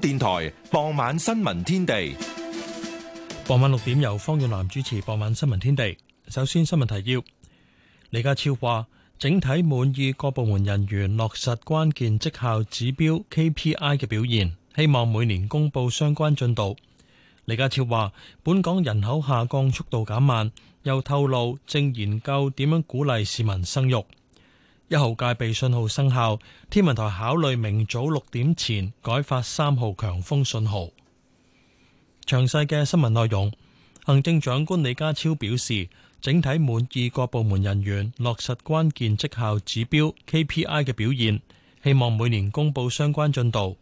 電台傍晚新聞天地，傍晚六點由方遠南主持。傍晚新聞天地，首先新聞提要。李家超話，整體滿意各部門人員落實關鍵績效指標 KPI 嘅表現，希望每年公佈相關進度。李家超話，本港人口下降速度減慢，又透露正研究點樣鼓勵市民生育。一號戒備信號生效，天文台考慮明早六點前改發三號強風信號。詳細嘅新聞內容，行政長官李家超表示，整體滿意各部門人員落實關鍵績效指標 KPI 嘅表現，希望每年公布相關進度。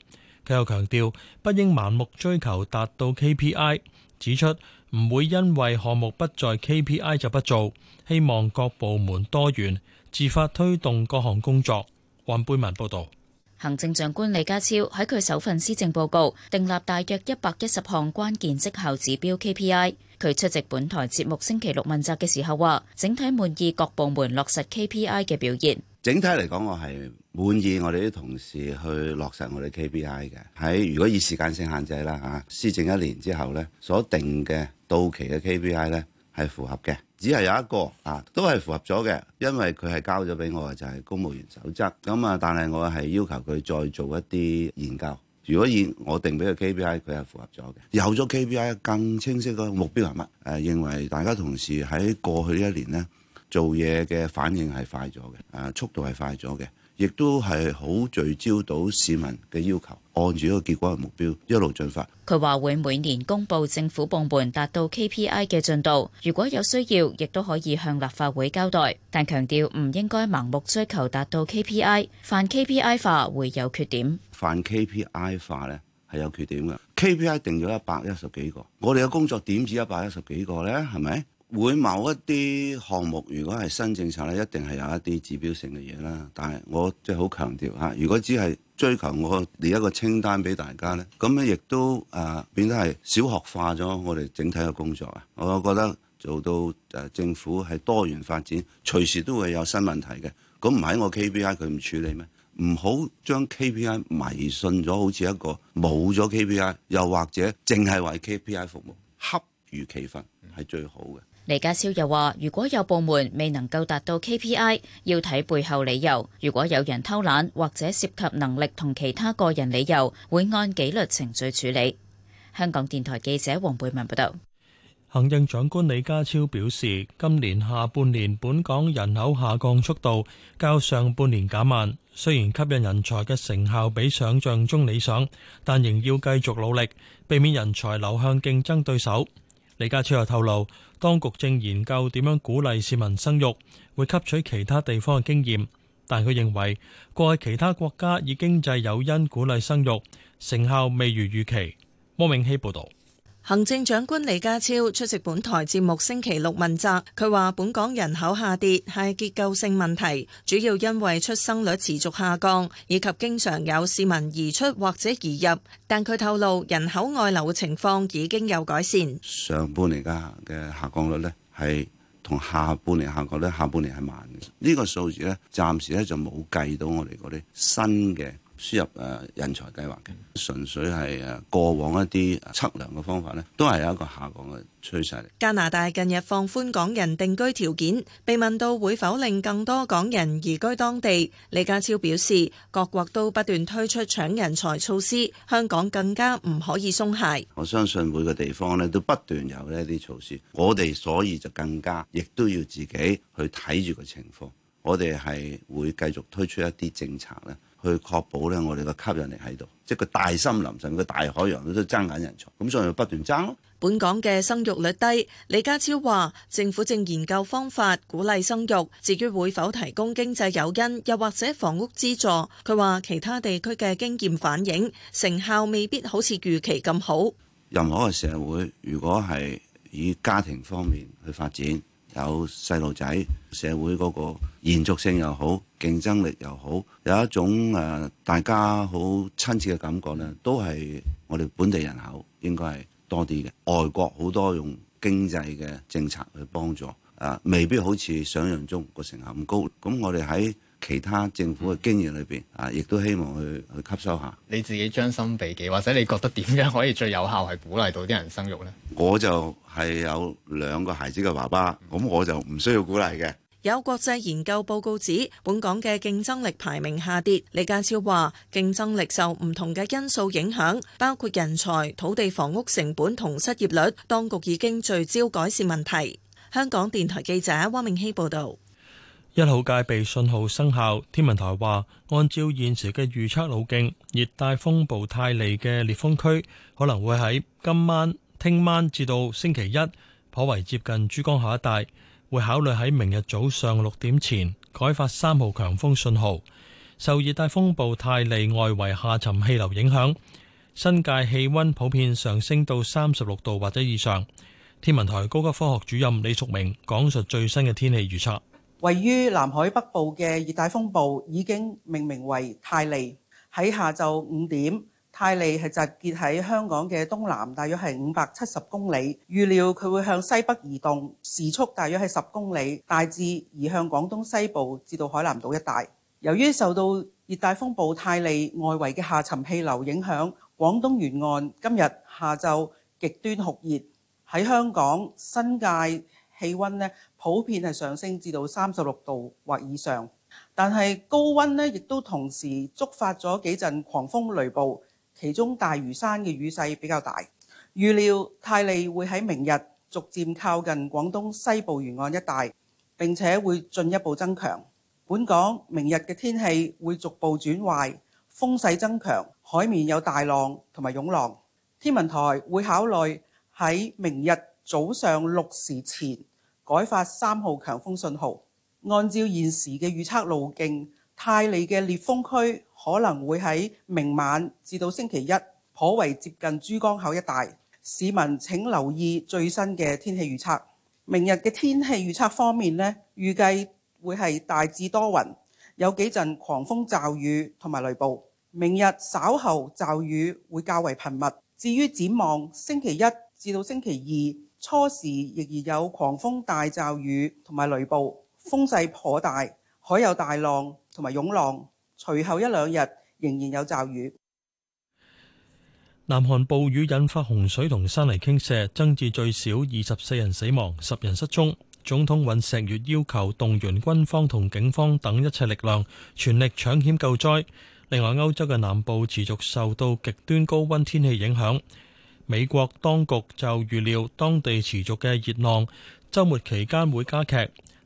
佢又強調不應盲目追求達到 KPI，指出唔會因為項目不在 KPI 就不做，希望各部門多元，自發推動各項工作。黃貝文報道，行政長官李家超喺佢首份施政報告訂立大約一百一十項關鍵績效指標 KPI。佢出席本台節目星期六問責嘅時候話，整體滿意各部門落實 KPI 嘅表現。整體嚟講，我係滿意我哋啲同事去落實我哋 KPI 嘅。喺如果以時間性限制啦，吓、啊、施政一年之後呢，所定嘅到期嘅 KPI 呢，係符合嘅，只係有一個啊，都係符合咗嘅，因為佢係交咗俾我嘅就係、是、公務員守則咁啊。但係我係要求佢再做一啲研究。如果以我定俾佢 KPI，佢係符合咗嘅。有咗 KPI 更清晰嘅目標係乜？誒、啊，認為大家同事喺過去呢一年呢，做嘢嘅反應係快咗嘅，啊，速度係快咗嘅，亦都係好聚焦到市民嘅要求。按住一個結果嘅目標一路進發。佢話會每年公布政府部門達到 KPI 嘅進度，如果有需要，亦都可以向立法會交代。但強調唔應該盲目追求達到 KPI，泛 KPI 化會有缺點。泛 KPI 化咧係有缺點嘅。KPI 定咗一百一十幾個，我哋嘅工作點止一百一十幾個咧，係咪？會某一啲項目，如果係新政策咧，一定係有一啲指標性嘅嘢啦。但係我即係好強調嚇，如果只係追求我列一個清單俾大家咧，咁咧亦都啊、呃、變得係小學化咗我哋整體嘅工作啊！我覺得做到誒、呃、政府係多元發展，隨時都會有新問題嘅。咁唔係我 KPI 佢唔處理咩？唔好將 KPI 迷信咗，好似一個冇咗 KPI，又或者淨係為 KPI 服務，恰如其分係最好嘅。李家超又話：如果有部門未能夠達到 KPI，要睇背後理由。如果有人偷懶或者涉及能力同其他個人理由，會按紀律程序處理。香港電台記者黃貝文報道，行政長官李家超表示，今年下半年本港人口下降速度較上半年減慢。雖然吸引人才嘅成效比想像中理想，但仍要繼續努力，避免人才流向競爭對手。李家超又透露，當局正研究點樣鼓勵市民生育，會吸取其他地方嘅經驗。但佢認為過去其他國家以經濟誘因鼓勵生育，成效未如預期。汪永熙報導。行政長官李家超出席本台節目星期六問責，佢話：本港人口下跌係結構性問題，主要因為出生率持續下降，以及經常有市民移出或者移入。但佢透露，人口外流嘅情況已經有改善。上半年嘅下降率呢，係同下半年下降率。下半年係慢嘅。呢個數字呢，暫時呢就冇計到我哋嗰啲新嘅輸入誒人才計劃嘅，純粹係誒過往一啲測量嘅方法咧，都係有一個下降嘅趨勢。加拿大近日放寬港人定居條件，被問到會否令更多港人移居當地，李家超表示：各國都不斷推出搶人才措施，香港更加唔可以鬆懈。我相信每個地方呢都不斷有呢啲措施，我哋所以就更加亦都要自己去睇住個情況，我哋係會繼續推出一啲政策咧。去確保咧，我哋嘅吸引力喺度，即係個大森林、甚個大海洋都爭緊人才，咁所以不斷爭咯。本港嘅生育率低，李家超話政府正研究方法鼓勵生育，至於會否提供經濟誘因，又或者房屋資助，佢話其他地區嘅經驗反映成效未必好似預期咁好。任何嘅社會，如果係以家庭方面去發展。有細路仔，社會嗰個延續性又好，競爭力又好，有一種誒、呃、大家好親切嘅感覺呢，都係我哋本地人口應該係多啲嘅。外國好多用經濟嘅政策去幫助，誒、呃、未必好似想象中個成效咁高。咁我哋喺其他政府嘅經驗裏邊啊，亦都希望去去吸收下。你自己將心比己，或者你覺得點樣可以最有效係鼓勵到啲人生育呢？我就係有兩個孩子嘅爸爸，咁我就唔需要鼓勵嘅。有國際研究報告指，本港嘅競爭力排名下跌。李家超話，競爭力受唔同嘅因素影響，包括人才、土地、房屋成本同失業率。當局已經聚焦改善問題。香港電台記者汪明希報導。一號戒備信號生效，天文台話，按照現時嘅預測路徑，熱帶風暴泰利嘅烈風區可能會喺今晚、聽晚至到星期一，頗為接近珠江口一帶。會考慮喺明日早上六點前改發三號強風信號。受熱帶風暴泰利外圍下沉氣流影響，新界氣温普遍上升到三十六度或者以上。天文台高級科學主任李淑明講述最新嘅天氣預測。位於南海北部嘅熱帶風暴已經命名為泰利。喺下晝五點，泰利係集結喺香港嘅東南，大約係五百七十公里。預料佢會向西北移動，時速大約係十公里，大致移向廣東西部至到海南島一帶。由於受到熱帶風暴泰利外圍嘅下沉氣流影響，廣東沿岸今日下晝極端酷熱。喺香港，新界氣温呢。普遍係上升至到三十六度或以上，但係高温呢亦都同時觸發咗幾陣狂風雷暴，其中大嶼山嘅雨勢比較大。預料泰利會喺明日逐漸靠近廣東西部沿岸一帶，並且會進一步增強。本港明日嘅天氣會逐步轉壞，風勢增強，海面有大浪同埋湧浪。天文台會考慮喺明日早上六時前，改發三號強風信號，按照現時嘅預測路徑，泰利嘅烈風區可能會喺明晚至到星期一，頗為接近珠江口一帶。市民請留意最新嘅天氣預測。明日嘅天氣預測方面咧，預計會係大致多雲，有幾陣狂風驟雨同埋雷暴。明日稍後驟雨會較為頻密。至於展望，星期一至到星期二。初時仍然有狂風大驟雨同埋雷暴，風勢頗大，海有大浪同埋湧浪。隨後一兩日仍然有驟雨。南韓暴雨引發洪水同山泥傾瀉，增至最少二十四人死亡，十人失蹤。總統尹錫悅要求動員軍方同警方等一切力量，全力搶險救災。另外，歐洲嘅南部持續受到極端高溫天氣影響。美國當局就預料當地持續嘅熱浪，週末期間會加劇。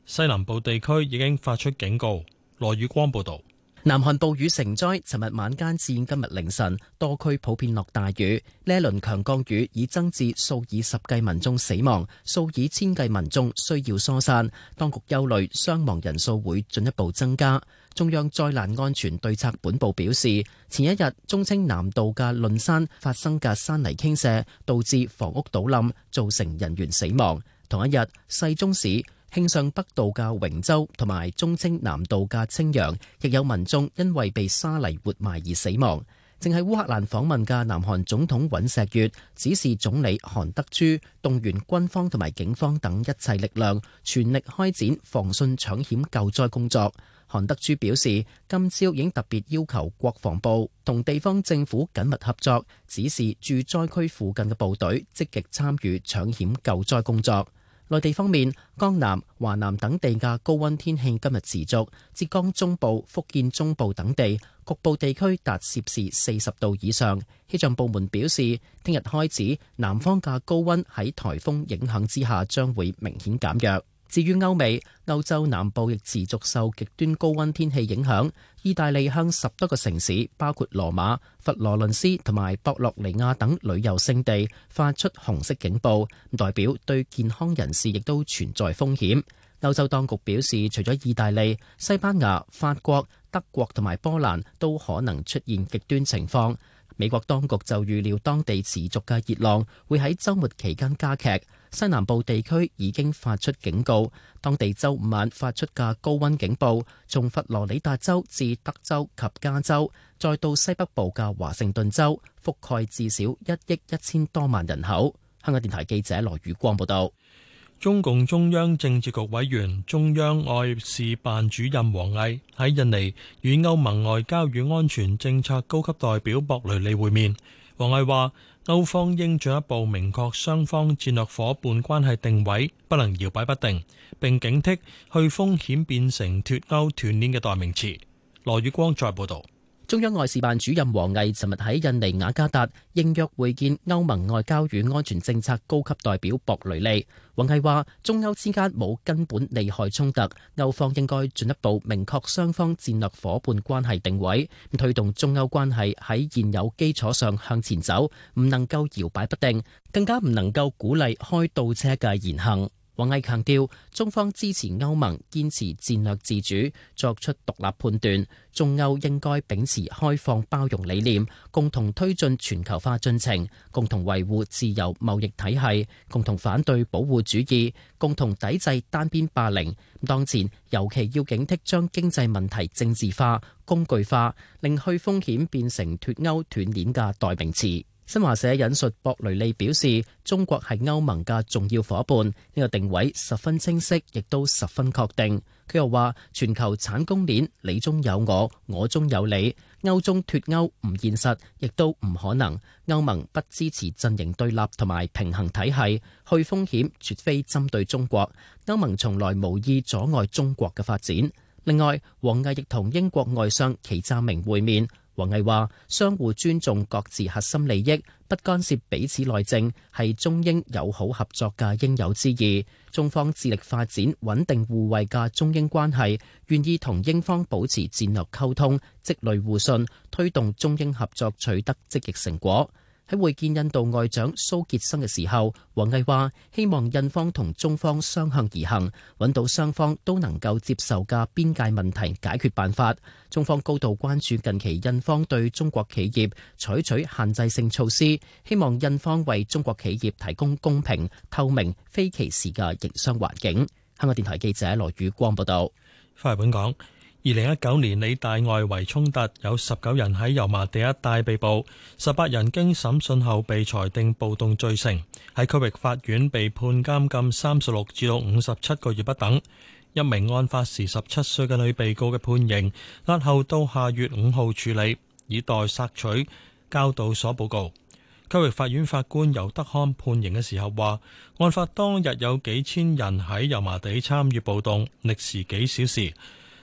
西南部地區已經發出警告。羅宇光報導，南韓暴雨成災。尋日晚間至今日凌晨，多區普遍落大雨。呢一輪強降雨已增至數以十計民眾死亡，數以千計民眾需要疏散。當局憂慮傷亡人數會進一步增加。中央災難安全對策本部表示，前一日中青南道嘅論山發生嘅山泥傾瀉導致房屋倒冧，造成人員死亡。同一日，世宗市慶尚北道嘅榮州同埋中青南道嘅青陽，亦有民眾因為被沙泥活埋而死亡。正喺烏克蘭訪問嘅南韓總統尹錫悅指示總理韓德珠，動員軍方同埋警方等一切力量，全力開展防汛搶險救災工作。韓德珠表示，今朝已經特別要求國防部同地方政府緊密合作，指示駐災區附近嘅部隊積極參與搶險救災工作。內地方面，江南、華南等地嘅高温天氣今日持續，浙江中部、福建中部等地局部地區達攝氏四十度以上。氣象部門表示，聽日開始，南方嘅高温喺颱風影響之下，將會明顯減弱。至於歐美，歐洲南部亦持續受極端高温天氣影響。意大利向十多個城市，包括羅馬、佛羅倫斯同埋博洛尼亞等旅遊勝地，發出紅色警報，代表對健康人士亦都存在風險。歐洲當局表示，除咗意大利、西班牙、法國、德國同埋波蘭，都可能出現極端情況。美國當局就預料當地持續嘅熱浪會喺週末期間加劇。西南部地區已經發出警告，當地周五晚發出嘅高温警報，從佛羅里達州至德州及加州，再到西北部嘅華盛頓州，覆蓋至少一億一千多萬人口。香港電台記者羅宇光報道。中共中央政治局委員、中央外事辦主任王毅喺印尼與歐盟外交與安全政策高級代表博雷利會面。王毅話：歐方應進一步明確雙方戰略伙伴關係定位，不能搖擺不定，並警惕去風險變成脱歐斷鏈嘅代名詞。羅宇光再報道。中央外事辦主任王毅尋日喺印尼雅加達應約會見歐盟外交與安全政策高級代表博雷利。王毅話：中歐之間冇根本利害衝突，歐方應該進一步明確雙方戰略伙伴關係定位，推動中歐關係喺現有基礎上向前走，唔能夠搖擺不定，更加唔能夠鼓勵開倒車嘅言行。王毅強調，中方支持歐盟堅持戰略自主，作出獨立判斷。中歐應該秉持開放包容理念，共同推進全球化進程，共同維護自由貿易體系，共同反對保護主義，共同抵制單邊霸凌。當前尤其要警惕將經濟問題政治化、工具化，令去風險變成脫歐斷鏈嘅代名詞。新華社引述博雷利表示：中國係歐盟嘅重要伙伴，呢個定位十分清晰，亦都十分確定。佢又話：全球產供鏈你中有我，我中有你，歐中脱歐唔現實，亦都唔可能。歐盟不支持陣營對立同埋平衡體系，去風險絕非針對中國。歐盟從來無意阻礙中國嘅發展。另外，王毅亦同英國外相祁湛明會面。王毅話：相互尊重各自核心利益，不干涉彼此內政，係中英友好合作嘅應有之義。中方致力發展穩定互惠嘅中英關係，願意同英方保持戰略溝通，積累互信，推動中英合作取得積極成果。喺會見印度外長蘇傑生嘅時候，王毅話：希望印方同中方相向而行，揾到雙方都能夠接受嘅邊界問題解決辦法。中方高度關注近期印方對中國企業採取限制性措施，希望印方為中國企業提供公平、透明、非歧視嘅營商環境。香港電台記者羅宇光報道。翻嚟本港。二零一九年理大外圍衝突有十九人喺油麻地一帶被捕，十八人經審訊後被裁定暴動罪成，喺區域法院被判監禁三十六至到五十七個月不等。一名案發時十七歲嘅女被告嘅判刑押後到下月五號處理，以待索取教導所報告。區域法院法官尤德康判刑嘅時候話，案發當日有幾千人喺油麻地參與暴動，歷時幾小時。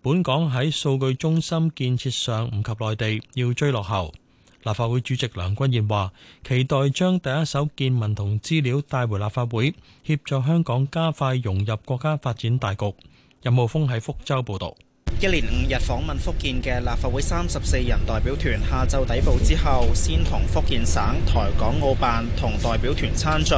本港喺數據中心建設上唔及內地，要追落後。立法會主席梁君彥話，期待將第一手見聞同資料帶回立法會，協助香港加快融入國家發展大局。任浩峰喺福州報道。一連五日訪問福建嘅立法會三十四人代表團下晝抵埗，之後先同福建省台港澳辦同代表團餐聚，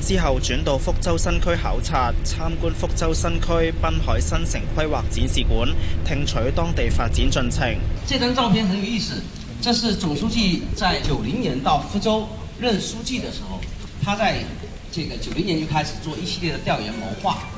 之後轉到福州新區考察，參觀福州新區濱海新城規劃展示館，聽取當地發展進程。這張照片很有意思，這是總書記在九零年到福州任書記的時候，他在這個九零年就開始做一系列的調研謀劃。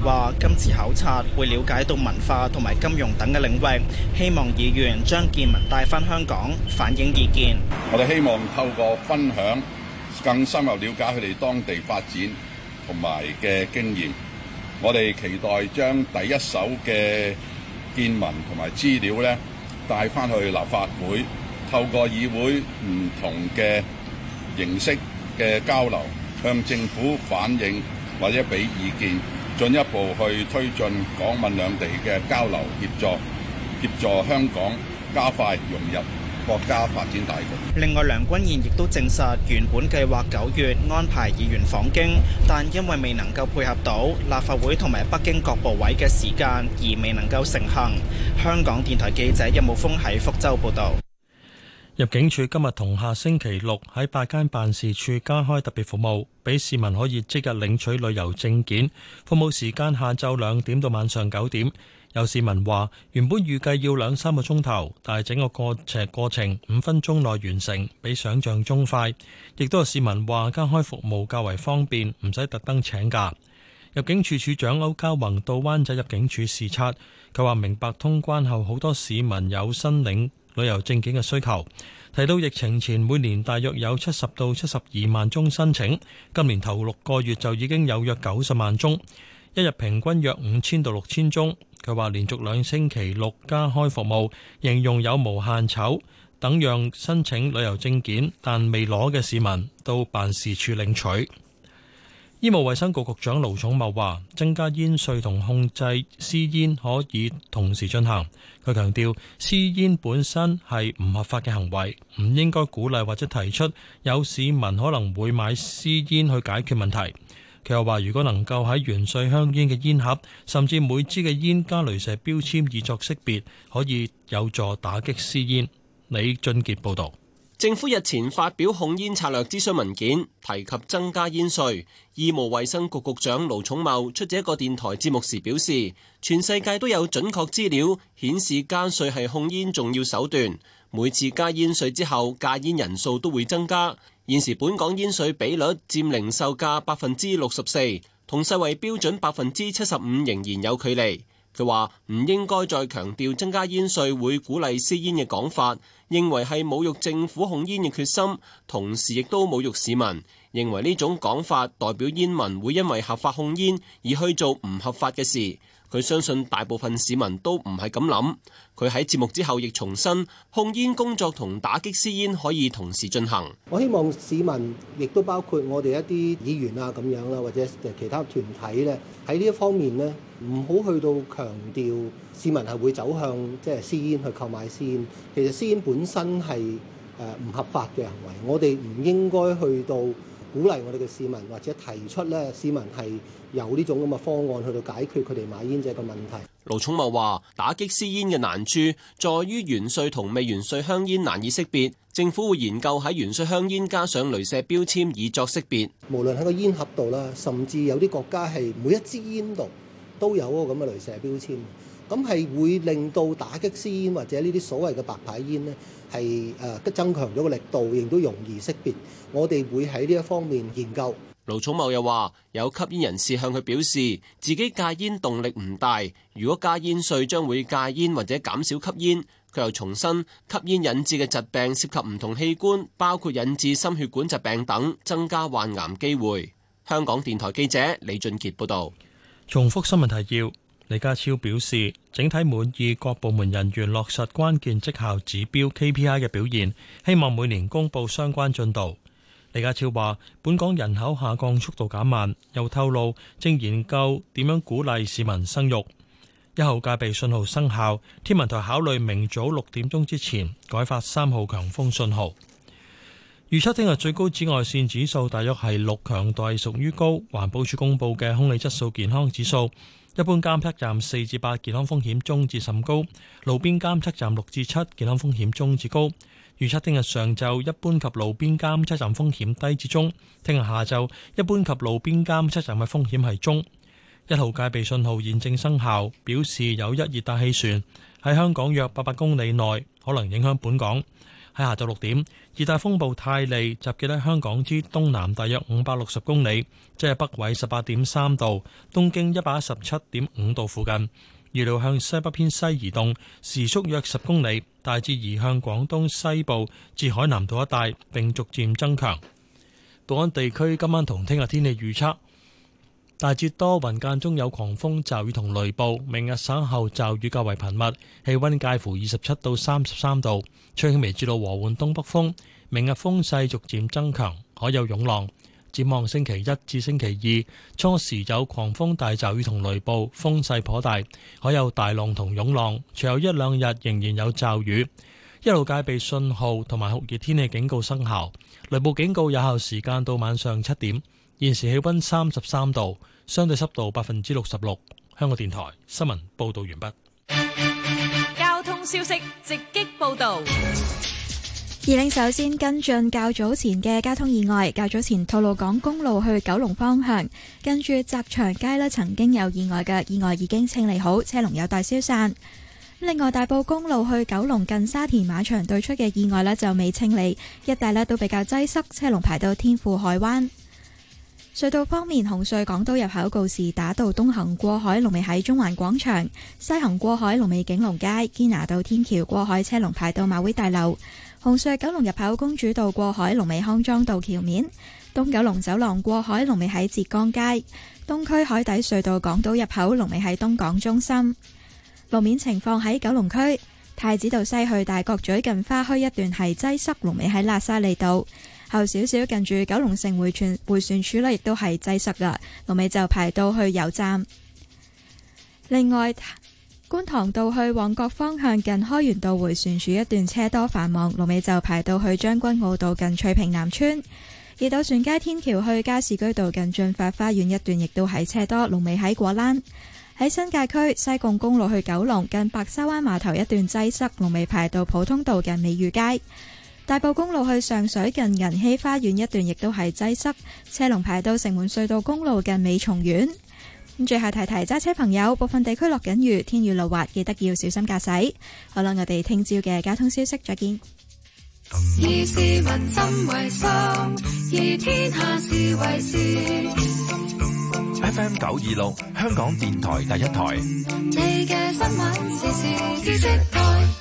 話今次考察會了解到文化同埋金融等嘅領域，希望議員將見聞帶翻香港，反映意見。我哋希望透過分享，更深入了解佢哋當地發展同埋嘅經驗。我哋期待將第一手嘅見聞同埋資料咧帶翻去立法會，透過議會唔同嘅形式嘅交流，向政府反映或者俾意見。進一步去推進港閩兩地嘅交流協助，協助香港加快融入國家發展大局。另外，梁君彥亦都證實，原本計劃九月安排議員訪京，但因為未能夠配合到立法會同埋北京各部委嘅時間，而未能夠成行。香港電台記者任武峰喺福州報道。入境處今日同下星期六喺八間辦事處加開特別服務，俾市民可以即日領取旅遊證件。服務時間下晝兩點到晚上九點。有市民話原本預計要兩三個鐘頭，但係整個過程五分鐘內完成，比想象中快。亦都有市民話加開服務較為方便，唔使特登請假。入境處處長歐嘉宏到灣仔入境處視察，佢話明白通關後好多市民有申領旅遊證件嘅需求。提到疫情前每年大約有七十到七十二萬宗申請，今年頭六個月就已經有約九十萬宗，一日平均約五千到六千宗。佢話連續兩星期六加開服務，形容有無限籌，等讓申請旅遊證件但未攞嘅市民到辦事處領取。醫務衛生局局長盧寵茂話：增加煙稅同控制私煙可以同時進行。佢強調，私煙本身係唔合法嘅行為，唔應該鼓勵或者提出有市民可能會買私煙去解決問題。佢又話，如果能夠喺原稅香煙嘅煙盒甚至每支嘅煙加鐳射標籤以作識別，可以有助打擊私煙。李俊杰報道。政府日前發表控煙策略諮詢文件，提及增加煙稅。醫務衛生局局長盧寵茂出席一個電台節目時表示，全世界都有準確資料顯示加稅係控煙重要手段。每次加煙稅之後，戒煙人數都會增加。現時本港煙稅比率佔零售價百分之六十四，同世衞標準百分之七十五仍然有距離。佢話唔應該再強調增加煙稅會鼓勵私煙嘅講法。認為係侮辱政府控煙嘅決心，同時亦都侮辱市民。認為呢種講法代表煙民會因為合法控煙而去做唔合法嘅事，佢相信大部分市民都唔係咁諗。佢喺節目之後亦重申，控煙工作同打擊私煙可以同時進行。我希望市民，亦都包括我哋一啲議員啊，咁樣啦，或者其他團體咧，喺呢一方面呢，唔好去到強調市民係會走向即係私煙去購買私煙。其實私煙本身係誒唔合法嘅行為，我哋唔應該去到。鼓勵我哋嘅市民或者提出咧，市民係有呢種咁嘅方案去到解決佢哋買煙者嘅問題。盧寵茂話：打擊私煙嘅難處，在於原稅同未原稅香煙難以識別，政府會研究喺原稅香煙加上鐳射標籤以作識別。無論喺個煙盒度啦，甚至有啲國家係每一支煙度都有嗰個咁嘅鐳射標籤。咁係會令到打擊私煙或者呢啲所謂嘅白牌煙咧，係誒增強咗個力度，亦都容易識別。我哋會喺呢一方面研究。盧寵茂又話：有吸煙人士向佢表示自己戒煙動力唔大，如果戒煙稅將會戒煙或者減少吸煙。佢又重申吸煙引致嘅疾病涉及唔同器官，包括引致心血管疾病等，增加患癌機會。香港電台記者李俊傑報道。重複新聞提要。李家超表示，整體滿意各部門人員落實關鍵績效指標 KPI 嘅表現，希望每年公布相關進度。李家超話，本港人口下降速度減慢，又透露正研究點樣鼓勵市民生育。一號戒備信號生效，天文台考慮明早六點鐘之前改發三號強風信號。預測聽日最高紫外線指數大約係六，強度屬於高。環保署公布嘅空氣質素健康指數。一般監測站四至八，健康風險中至甚高，路邊監測站六至七，健康風險中至高。預測聽日上晝一般及路邊監測站風險低至中，聽日下晝一般及路邊監測站嘅風險係中。一號戒備信號現正生效，表示有一熱帶氣旋喺香港約八百公里內，可能影響本港。喺下晝六點，熱帶風暴泰利集結喺香港之東南大約五百六十公里，即係北緯十八點三度、東經一百一十七點五度附近，預料向西北偏西移動，時速約十公里，大致移向廣東西部至海南島一帶，並逐漸增強。本港地區今晚同聽日天氣預測。大致多雲間中有狂風、驟雨同雷暴。明日稍後驟雨較為頻密，氣温介乎二十七到三十三度，吹輕微至到和緩東北風。明日風勢逐漸增強，可有湧浪。展望星期一至星期二初時有狂風大驟雨同雷暴，風勢頗大，可有大浪同湧浪。隨後有一兩日仍然有驟雨，一路戒備信號同埋酷熱天氣警告生效。雷暴警告有效時間到晚上七點。現時氣温三十三度。相對濕度百分之六十六。香港電台新聞報道完畢。交通消息直擊報道。二零，首先跟進較早前嘅交通意外。較早前吐露港公路去九龍方向，跟住澤祥街咧，曾經有意外嘅，意外已經清理好，車龍有待消散。另外大埔公路去九龍近沙田馬場對出嘅意外咧，就未清理，一帶咧都比較擠塞，車龍排到天富海灣。隧道方面，紅隧港島入口告士打道東行過海龍尾喺中環廣場，西行過海龍尾景隆街，堅拿道天橋過海車龍排到馬會大樓。紅隧九龍入口，公主道過海龍尾康莊道橋面，東九龍走廊過海龍尾喺浙江街。東區海底隧道港島入口龍尾喺東港中心。路面情況，喺九龍區太子道西去大角咀近花墟一段係擠塞，龍尾喺喇沙利道。後少少近住九龍城回旋回旋處咧，亦都係擠塞啦。龍尾就排到去油站。另外，觀塘道去旺角方向近開源道回旋處一段車多繁忙，龍尾就排到去將軍澳道近翠屏南村。而渡船街天橋去加士居道近駿發花園一段亦都係車多，龍尾喺果欄。喺新界區西貢公路去九龍近白沙灣碼頭一段擠塞，龍尾排到普通道近美裕街。大埔公路去上水近銀禧花園一段亦都係擠塞，車龍排到城門隧道公路近美松苑。咁最後提提揸車朋友，部分地區落緊雨，天雨路滑，記得要小心駕駛。好啦，我哋聽朝嘅交通消息再見。F M 九二六，以市民心為心，以天下事為先 26, 香港電台第一台。你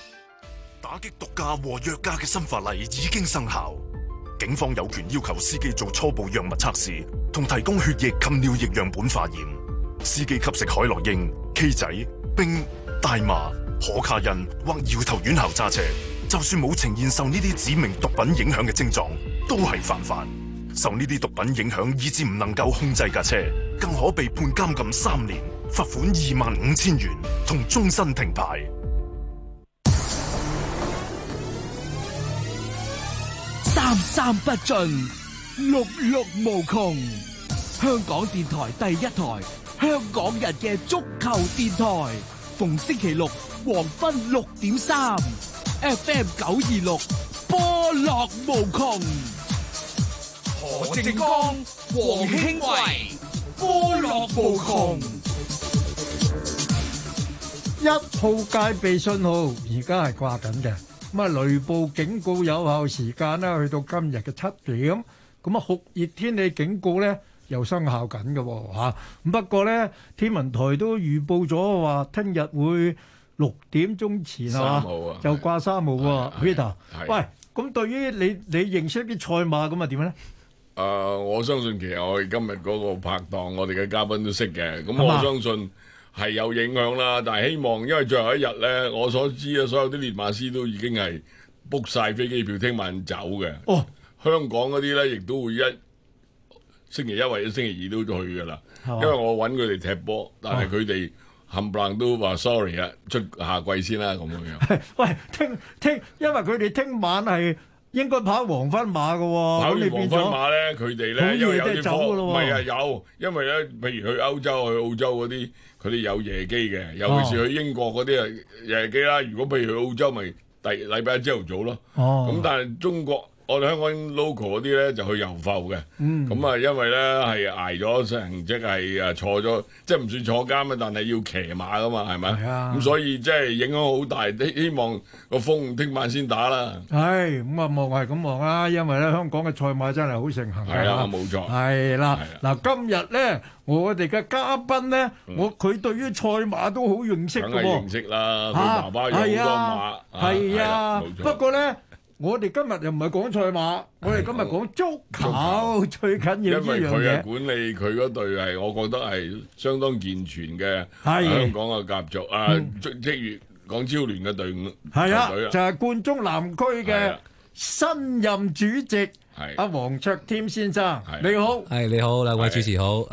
毒駕和藥駕嘅新法例已經生效，警方有權要求司機做初步藥物測試，同提供血液及尿液樣本化驗。司機吸食海洛因、K 仔、冰、大麻、可卡因或搖頭丸後揸車，就算冇呈現受呢啲指明毒品影響嘅症狀，都係犯法。受呢啲毒品影響，以致唔能夠控制架車，更可被判監禁三年，罰款二萬五千元，同終身停牌。三三不盡，六六無窮。香港電台第一台，香港人嘅足球電台。逢星期六黃昏六點三，FM 九二六，波樂無窮。何正光、黃興偉，波樂無窮。一號戒備信號，而家係掛緊嘅。咁啊雷暴警告有效時間咧，去到今日嘅七點。咁啊酷熱天氣警告咧又生效緊嘅喎嚇。咁不過咧天文台都預報咗話，聽日會六點鐘前啊，三號啊，就掛三號喎，Peter。係。喂，咁對於你你認識啲賽馬咁啊點樣咧？誒，我相信其實我哋今日嗰個拍檔，我哋嘅嘉賓都識嘅。咁我相信。係有影響啦，但係希望，因為最後一日咧，我所知啊，所有啲列馬師都已經係 book 晒飛機票，聽晚走嘅。哦，香港嗰啲咧，亦都會一星期一或者星期二都去噶啦，吧因為我揾佢哋踢波，但係佢哋冚唪冷都話 sorry 啦，出下季先啦咁樣。喂，聽聽，因為佢哋聽晚係。應該跑黃昏馬㗎。哦，跑完黃昏馬咧，佢哋咧有有啲科，唔係啊有，因為咧，譬如去歐洲、去澳洲嗰啲，佢哋有夜機嘅，尤其是去英國嗰啲啊夜機啦。哦、如果譬如去澳洲，咪第禮拜一朝頭早咯。咁、哦嗯、但係中國。我哋香港 local 嗰啲咧就去遊埠嘅，咁啊因為咧係挨咗成即係啊坐咗，即係唔算坐監啊，但係要騎馬噶嘛，係咪？咁所以即係影響好大。希望個風聽晚先打啦。係咁啊，望係咁望啊，因為咧香港嘅賽馬真係好盛行。係啦，冇錯。係啦，嗱，今日咧我哋嘅嘉賓咧，我佢對於賽馬都好認識噶喎。梗係認識啦，佢爸爸養好多馬。係啊，不過咧。我哋今日又唔係講賽馬，我哋今日講足球，最緊要一樣嘢。因為佢嘅管理，佢嗰隊係我覺得係相當健全嘅香港嘅甲組啊，即係港超聯嘅隊伍。係啊，就係冠忠南區嘅新任主席阿黃卓添先生，你好。係，你好，兩位主持好。